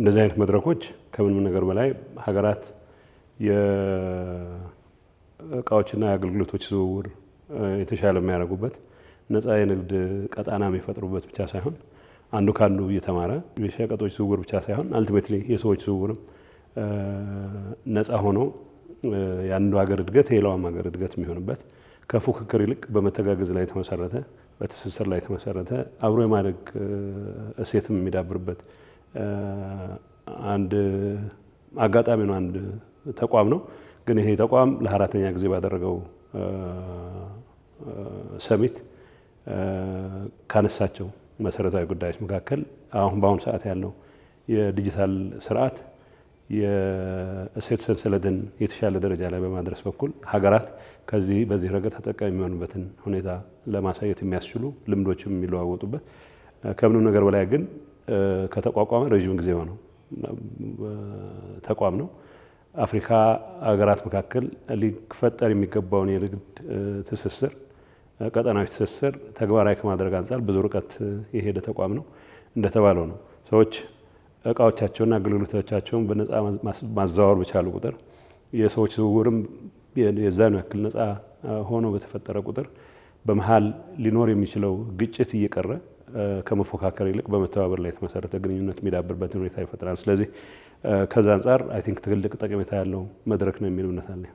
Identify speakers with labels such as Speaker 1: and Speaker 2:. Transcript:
Speaker 1: እንደዚህ አይነት መድረኮች ከምንም ነገር በላይ ሀገራት የእቃዎችና የአገልግሎቶች ዝውውር የተሻለ የሚያደርጉበት ነጻ የንግድ ቀጣና የሚፈጥሩበት ብቻ ሳይሆን አንዱ ከአንዱ እየተማረ የሸቀጦች ዝውውር ብቻ ሳይሆን አልቲሜትሊ የሰዎች ዝውውርም ነጻ ሆኖ የአንዱ ሀገር እድገት የሌላውም ሀገር እድገት የሚሆንበት ከፉክክር ይልቅ በመተጋገዝ ላይ የተመሰረተ በትስስር ላይ የተመሰረተ አብሮ የማደግ እሴትም የሚዳብርበት አንድ አጋጣሚ ነው። አንድ ተቋም ነው። ግን ይሄ ተቋም ለአራተኛ ጊዜ ባደረገው ሰሚት ካነሳቸው መሰረታዊ ጉዳዮች መካከል አሁን በአሁኑ ሰዓት ያለው የዲጂታል ስርዓት የእሴት ሰንሰለትን የተሻለ ደረጃ ላይ በማድረስ በኩል ሀገራት ከዚህ በዚህ ረገድ ተጠቃሚ የሚሆኑበትን ሁኔታ ለማሳየት የሚያስችሉ ልምዶችም የሚለዋወጡበት ከምንም ነገር በላይ ግን ከተቋቋመ ረዥም ጊዜ ሆነው ተቋም ነው። አፍሪካ ሀገራት መካከል ሊፈጠር የሚገባውን የንግድ ትስስር፣ ቀጠናዊ ትስስር ተግባራዊ ከማድረግ አንጻር ብዙ ርቀት የሄደ ተቋም ነው። እንደተባለው ነው ሰዎች እቃዎቻቸውና አገልግሎቶቻቸውን በነፃ ማዘዋወር በቻሉ ቁጥር የሰዎች ዝውውርም የዛን ያክል ነፃ ሆኖ በተፈጠረ ቁጥር በመሀል ሊኖር የሚችለው ግጭት እየቀረ ከመፎካከር ይልቅ በመተባበር ላይ የተመሰረተ ግንኙነት የሚዳብርበትን ሁኔታ ይፈጥራል። ስለዚህ ከዛ አንጻር አይ ቲንክ ትልቅ ጠቀሜታ ያለው መድረክ ነው የሚል እምነት አለኝ።